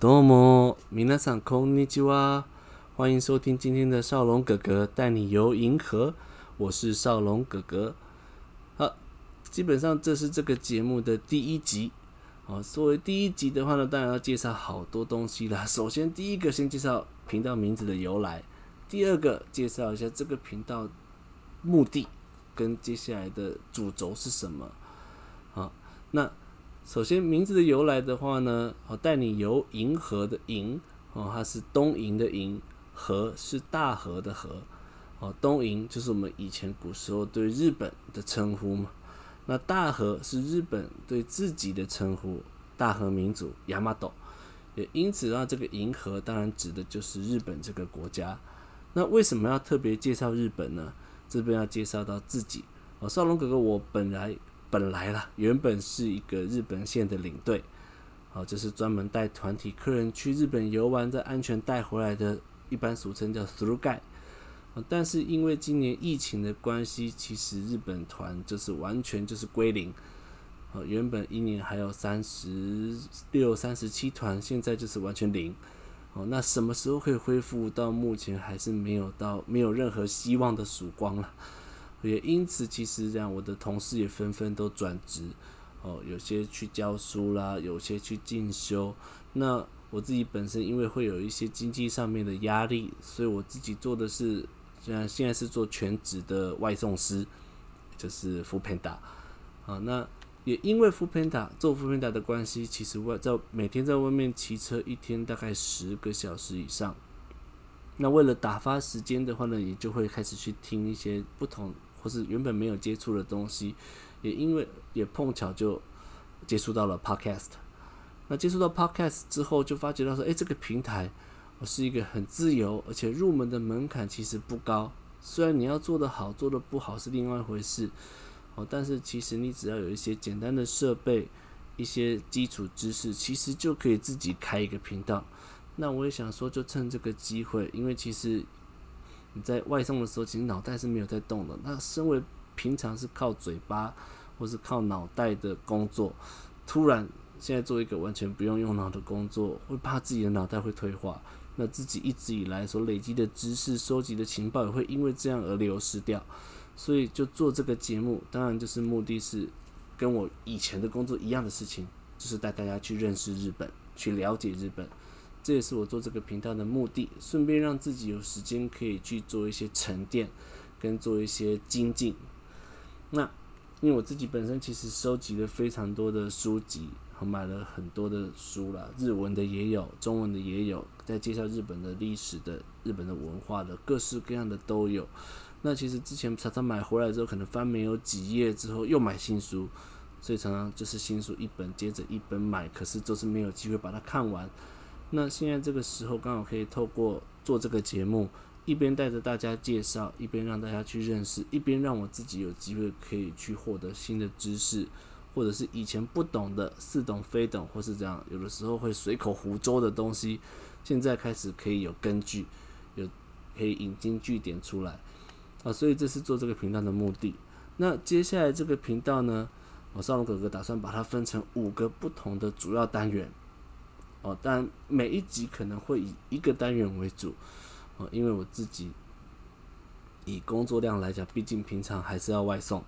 どうも、皆さん、こんにちは，歡迎收聽今天的少龍哥哥帶你遊銀河，我是少龍哥哥。好，基本上這是這個節目的第一集。好，作為第一集的話呢，當然要介紹好多東西啦。首先，第一個先介紹頻道名字的由來，第二個介紹一下這個頻道目的跟接下來的主軸是什麼？好，那。首先，名字的由來的話呢，我帶你遊銀河的“銀”哦，它是東瀛的“瀛”，河是大河的“河”哦，東瀛就是我們以前古時候對日本的稱呼嘛。那大和是日本對自己的稱呼，大和民大和民族 （Yamato）。也因此啊，這個銀河當然指的就是日本這個國家。那為什麼要特別介紹日本呢？這邊要介紹到自己哦，少龍哥哥，我本來。本來啦，原本是一個日本線的領隊，哦，就是專門帶團體客人去日本遊玩在安全帶回來的，一般俗稱叫 through guide，但是因為今年疫情的關係，其實日本團就是完全就是歸零，哦，原本一年還有三十六、三十七團，現在就是完全零，哦，那什麼時候可以恢復？到目前還是沒有到，沒有任何希望的曙光了。也因此，其實讓我的同事也紛紛都轉職，哦，有些去教書啦，有些去進修。那我自己本身因為會有一些經濟上面的壓力，所以我自己做的是，像現在是做全職的外送師，就是 foodpanda 啊，哦，那也因為 foodpanda 做 foodpanda 的關係，其實外在每天在外面騎車一天大概十個小時以上。那為了打發時間的話呢，也就會開始去聽一些不同。是原本沒有接觸的東西，也因為也碰巧就接觸到了 Podcast。那接觸到 Podcast 之後，就發覺到說，誒、欸，這個平台我是一個很自由，而且入門的門檻其實不高。雖然你要做得好，做得不好是另外一回事哦，但是其實你只要有一些簡單的設備、一些基礎知識，其實就可以自己開一個頻道。那我也想說，就趁這個機會，因為其實。你在外送的時候，其實腦袋是沒有在動的。那身為平常是靠嘴巴或是靠腦袋的工作，突然現在做一個完全不用用腦的工作，會怕自己的腦袋會退化，那自己一直以來所累積的知識、收集的情報也會因為這樣而流失掉。所以就做這個節目，當然就是目的是跟我以前的工作一樣的事情，就是帶大家去認識日本，去了解日本。這也是我做這個頻道的目的，順便讓自己有時間可以去做一些沉澱，跟做一些精進。那因為我自己本身其實收集了非常多的書籍，和買了很多的書了，日文的也有，中文的也有，在介紹日本的歷史的、日本的文化的，各式各樣的都有。那其實之前常常買回來之後，可能翻沒有幾頁之後，又買新書，所以常常就是新書一本接着一本買，可是就是沒有機會把它看完。那現在這個時候剛好可以透過做這個節目，一邊帶着大家介紹，一邊讓大家去認識，一邊讓我自己有機會可以去獲得新的知識，或者是以前不懂的、似懂非懂，或是這樣，有的時候會隨口胡謅的東西，現在開始可以有根據，有可以引經據典出來啊。所以這是做這個頻道的目的。那接下來這個頻道呢，我少龍葛格打算把它分成五個不同的主要單元。哦，但每一集可能會以一個單元為主，哦，因為我自己以工作量來講，畢竟平常還是要外送，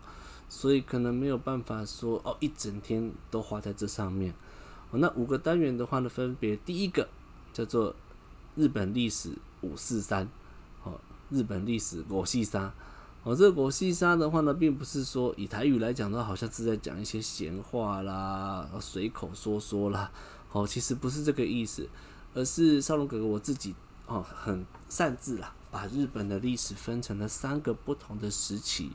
所以可能沒有辦法說哦，一整天都花在這上面。哦，那五個單元的話呢，分別第一個叫做日本歷史五四三，哦，日本歷史五四三。哦，這個五四三的話呢，並不是說以台語來講的話，好像是在講一些閒話啦，隨口說說啦。哦，其實不是這個意思，而是少龍葛格我自己哦，很擅自啦，把日本的歷史分成了三個不同的時期。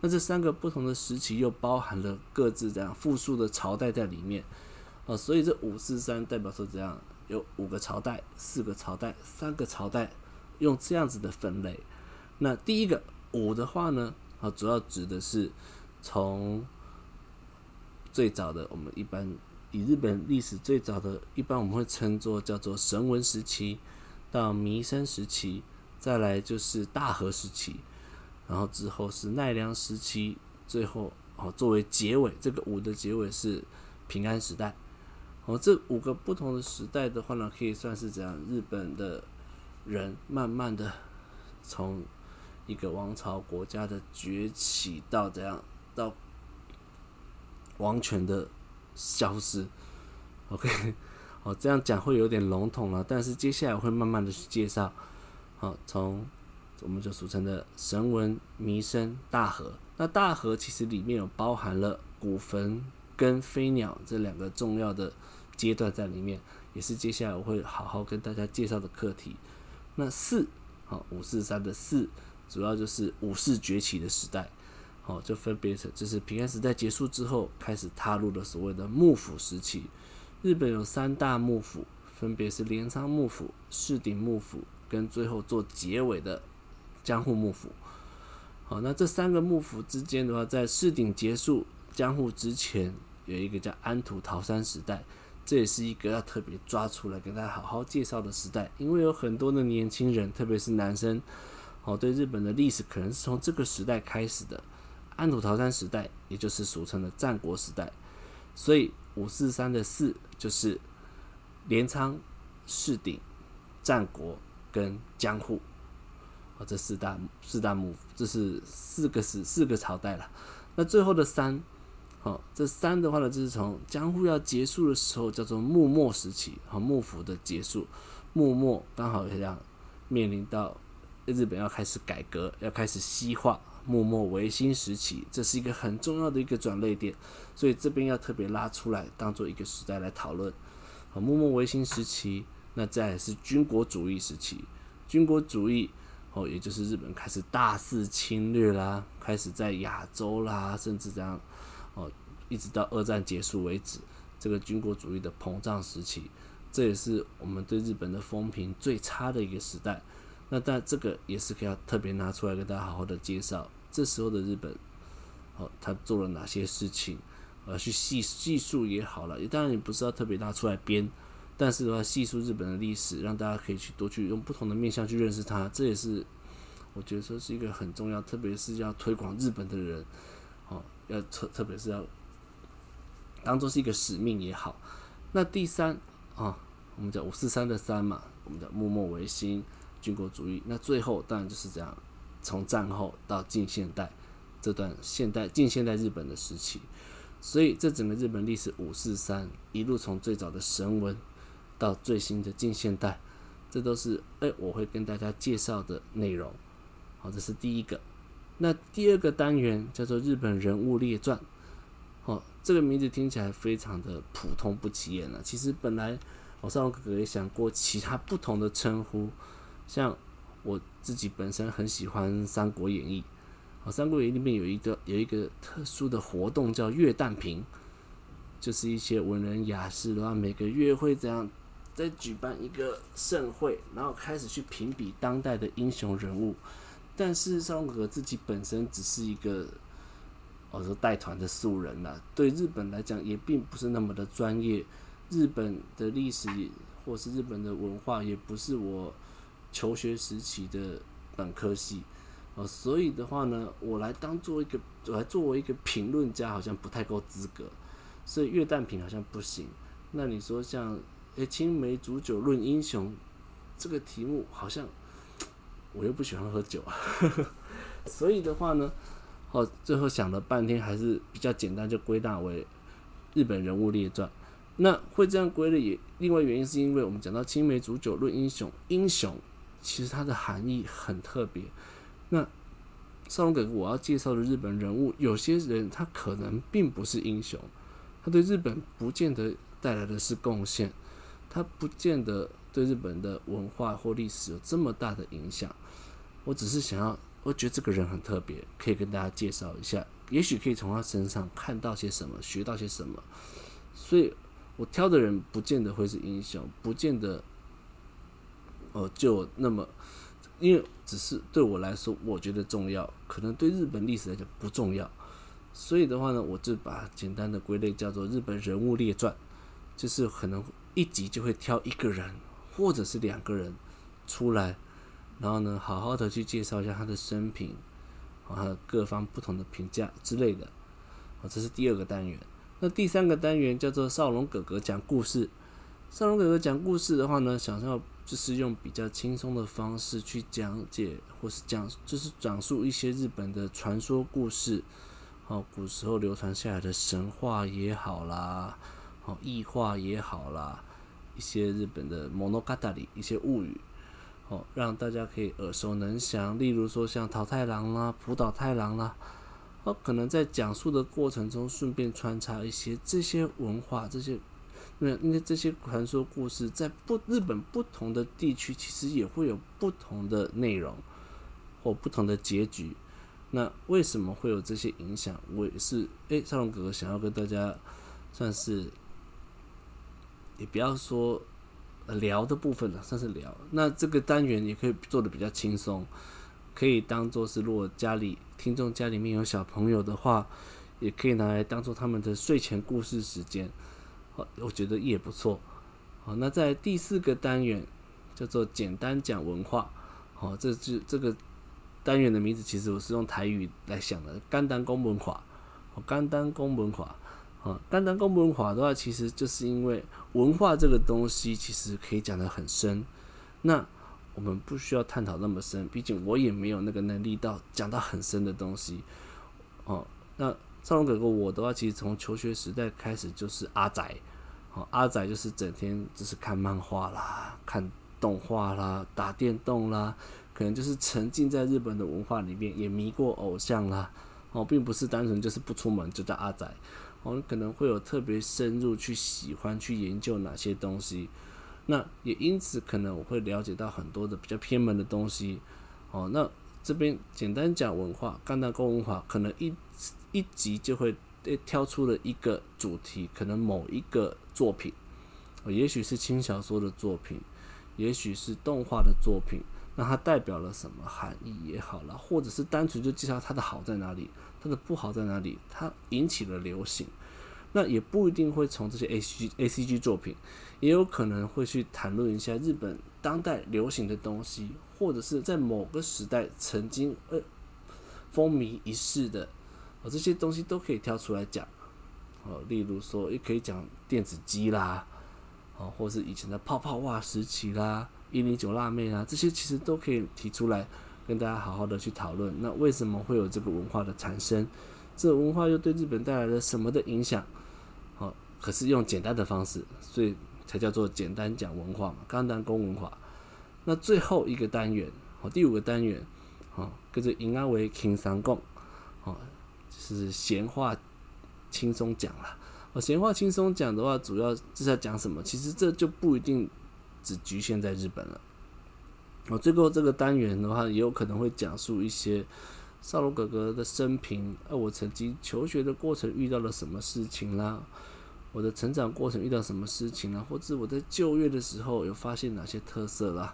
那這三個不同的時期又包含了各自這樣複數的朝代在裡面。哦，所以這五四三代表說怎樣，有五個朝代、四個朝代、三個朝代，用這樣子的分類。那第一個。五的話呢，啊，主要指的是從最早的我們一般以日本歷史最早的一般我們會稱作叫做繩文時期，到彌生時期，再來就是大和時期，然後之後是奈良時期，最後哦作為結尾，這個五的結尾是平安時代，哦，這五個不同的時代的話呢，可以算是講日本的人慢慢的從。一個王朝國家的崛起，到怎樣到王權的消失，OK，好，這樣講會有點籠統了，但是接下來我會慢慢的去介紹。好，從我們就俗稱的繩文彌生、大和，那大和其實裡面有包含了古墳跟飛鳥這兩個重要的階段在裡面，也是接下來我會好好跟大家介紹的課題。那四，好，五四三的四。主要就是武士崛起的時代，好，就分別是，就是平安時代結束之後，開始踏入了所謂的幕府時期。日本有三大幕府，分別是鐮倉幕府、室町幕府跟最後做結尾的江戶幕府。好，那這三個幕府之間的話，在室町結束江戶之前，有一個叫安土桃山時代，這也是一個要特別抓出來跟大家好好介紹的時代，因為有很多的年輕人，特別是男生。哦，對，日本的歷史可能是從這個時代開始的，安土桃山時代，也就是俗稱的戰國時代。所以，五四三的四就是鐮倉、室町、戰國跟江戶，啊，這四大四大幕府，這是四個是四個朝代了。那最後的三，哦，這三的話呢，就是從江戶要結束的時候，叫做幕末時期和幕府的結束，幕末剛好要面臨到。日本要開始改革，要開始西化，幕末維新時期，這是一個很重要的一個轉捩點，所以這邊要特別拉出來當做一個時代來討論。幕末維新時期，那再來是軍國主義時期，軍國主義哦，也就是日本開始大肆侵略啦，開始在亞洲啦，甚至這樣哦，一直到二戰結束為止，這個軍國主義的膨脹時期，這也是我們對日本的風評最差的一個時代。那但這個也是可以要特別拿出來跟大家好好的介紹。這時候的日本，哦，他做了哪些事情？呃，去細細數也好了。當然也不是要特別拿出來編，但是的話，細數日本的歷史，讓大家可以去多去用不同的面向去認識它，這也是我覺得說是一個很重要，特別是要推廣日本的人，哦，要特特別是要當做是一個使命也好。那第三啊、哦，我們叫五四三的三嘛，我們叫幕末維新。軍國主義，那最後當然就是這樣，從戰後到近現代這段現代近現代日本的時期，所以這整個日本歷史五四三一路從最早的繩文到最新的近現代，這都是誒、欸，我會跟大家介紹的內容。好，這是第一個。那第二個單元叫做日本人物列傳。好、哦，這個名字聽起來非常的普通不起眼了。其實本來我上哥哥也想過其他不同的稱呼。像我自己本身很喜歡《三國演義》，《三國演義》裡面有一個有一個特殊的活動叫月旦評，就是一些文人雅士，然後每個月會這樣在舉辦一個盛會，然後開始去評比當代的英雄人物。但事實上我自己本身只是一個，我說帶團的素人了，啊，對日本來講也並不是那麼的專業，日本的歷史或是日本的文化也不是我求學時期的本科系，哦，所以的話呢，我來當做一個，我來作為一個評論家，好像不太夠資格，所以月旦評好像不行。那你說像，欸、青梅煮酒論英雄，這個題目好像，我又不喜歡喝酒，呵呵，所以的話呢，哦，最後想了半天，還是比較簡單，就歸納為日本人物列傳。那會這樣歸類，也另外原因是因為我們講到青梅煮酒論英雄，英雄。其實它的含義很特別。那少龍葛格我要介紹的日本人物，有些人他可能並不是英雄，他對日本不見得帶來的是貢獻，他不見得對日本的文化或歷史有這麼大的影響。我只是想要，我覺得這個人很特別，可以跟大家介紹一下，也許可以從他身上看到些什麼，學到些什麼。所以我挑的人不見得會是英雄，不見得。哦、呃，就那麼，因為只是對我來說，我覺得重要，可能對日本歷史來講不重要，所以的話呢，我就把簡單的歸類叫做日本人物列傳，就是可能一集就會挑一個人或者是兩個人出來，然後呢，好好的去介紹一下他的生平，啊，各方不同的評價之類的，啊，這是第二個單元。那第三個單元叫做少龍葛格講故事。少龍葛格講故事的話呢，想要就是用比較輕鬆的方式去講解，或是講就是講述一些日本的傳說故事，哦，古時候流傳下來的神話也好啦，哦，異化也好啦，一些日本的《monogatari》一些物語，哦，讓大家可以耳熟能詳。例如說像桃太郎啦、啊、浦島太郎啦、啊，哦，可能在講述的過程中順便穿插一些這些文化，這些。因為這些傳說故事在不日本不同的地區，其實也會有不同的內容或不同的結局。那為什麼會有這些影響？我也是，哎，少龍哥哥想要跟大家算是也不要說聊的部分了，算是聊。那這個單元也可以做得比較輕鬆，可以當做是如果家裡聽眾家裡面有小朋友的話，也可以拿來當做他們的睡前故事時間。哦、我覺得也不錯。好、哦，那在第四個單元叫做“簡單講文化”哦。好，這是這個單元的名字。其實我是用台語來想的，“干單公文化”哦，“干單公文化”哦，“干單公文化”的話，其實就是因為文化這個東西，其實可以講得很深。那我們不需要探討那麼深，畢竟我也沒有那個能力到講到很深的東西。哦，那。少龍哥哥，我的話其實從求學時代開始就是阿宅，哦，阿宅就是整天就是看漫畫啦、看動畫啦、打電動啦，可能就是沉浸在日本的文化裡面，也迷過偶像啦，哦，並不是單純就是不出門就叫阿宅，我、哦、可能會有特別深入去喜歡去研究哪些東西，那也因此可能我會了解到很多的比較偏門的東西，哦，那。這邊簡單講文化，贛南高文化可能一一集就會挑出了一個主題，可能某一個作品，也許是輕小說的作品，也許是動畫的作品，那它代表了什麼含義也好了，或者是單純就介紹它的好在哪裡，它的不好在哪裡，它引起了流行。那也不一定會從這些 A C A C G 作品，也有可能會去談論一下日本當代流行的東西，或者是在某個時代曾經呃、欸、風靡一時的，啊、哦，這些東西都可以挑出來講，哦，例如說也可以講電子雞啦，啊、哦，或是以前的泡泡襪時期啦、一零九辣妹啊，這些其實都可以提出來跟大家好好的去討論。那為什麼會有這個文化的產生？這個、文化又對日本帶來了什麼的影響？可是用簡單的方式，所以才叫做簡單講文化嘛。剛剛講公文化，那最後一個單元，哦，第五個單元，哦，跟着英文為輕三講，哦，就是閒話輕鬆講了。哦，閒話輕鬆講的話，主要就是要講什麼？其實這就不一定只局限在日本了。哦，最後這個單元的話，也有可能會講述一些少龍葛格的生平，啊，我曾經求學的過程遇到了什麼事情啦。我的成長過程遇到什麼事情啊，或者我在就業的時候有發現哪些特色啦？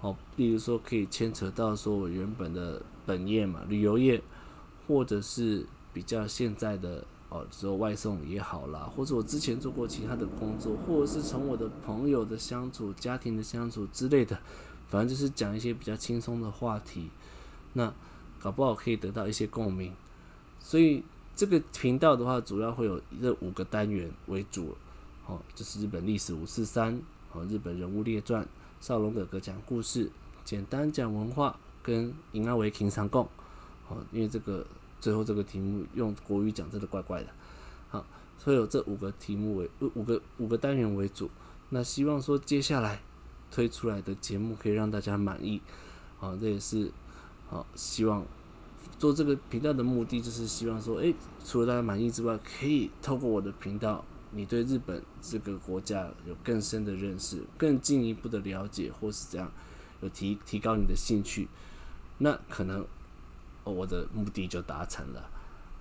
哦，例如說可以牽扯到說我原本的本業嘛，旅遊業，或者是比較現在的哦，說外送也好啦，或者我之前做過其他的工作，或者是從我的朋友的相處、家庭的相處之類的，反正就是講一些比較輕鬆的話題，那搞不好可以得到一些共鳴，所以。這個頻道的話，主要會有這五個單元為主，哦，就是日本歷史五四三，好、哦，日本人物列傳，少龍葛格講故事，簡單講文化，跟銀阿維平常共，哦，因為這個最後這個題目用國語講真的怪怪的，好、哦，所以有這五個題目為五個五個單元為主，那希望說接下來推出來的節目可以讓大家滿意，好、哦，這也是好、哦、希望。做這個頻道的目的就是希望說，誒、欸，除了大家滿意之外，可以透過我的頻道，你對日本這個國家有更深的認識、更進一步的了解，或是怎樣，有提提高你的興趣，那可能我的目的就達成了。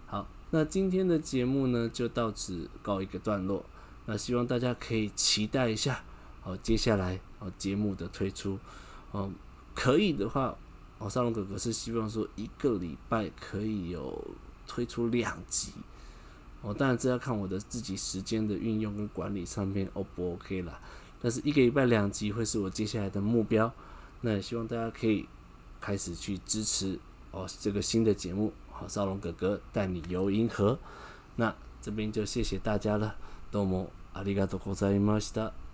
好，那今天的節目呢，就到此告一個段落。那希望大家可以期待一下，好、哦，接下來我節目的推出，哦，可以的話。哦，少龍哥哥是希望說一個禮拜可以有推出兩集，哦，當然這要看我的自己時間的運用跟管理上面 O、哦、不 OK 啦，但是一個禮拜兩集會是我接下來的目標，那也希望大家可以開始去支持哦這個新的節目，好、哦，少龍哥哥帶你遊銀河，那這邊就謝謝大家了，どうもありがとう，ございました。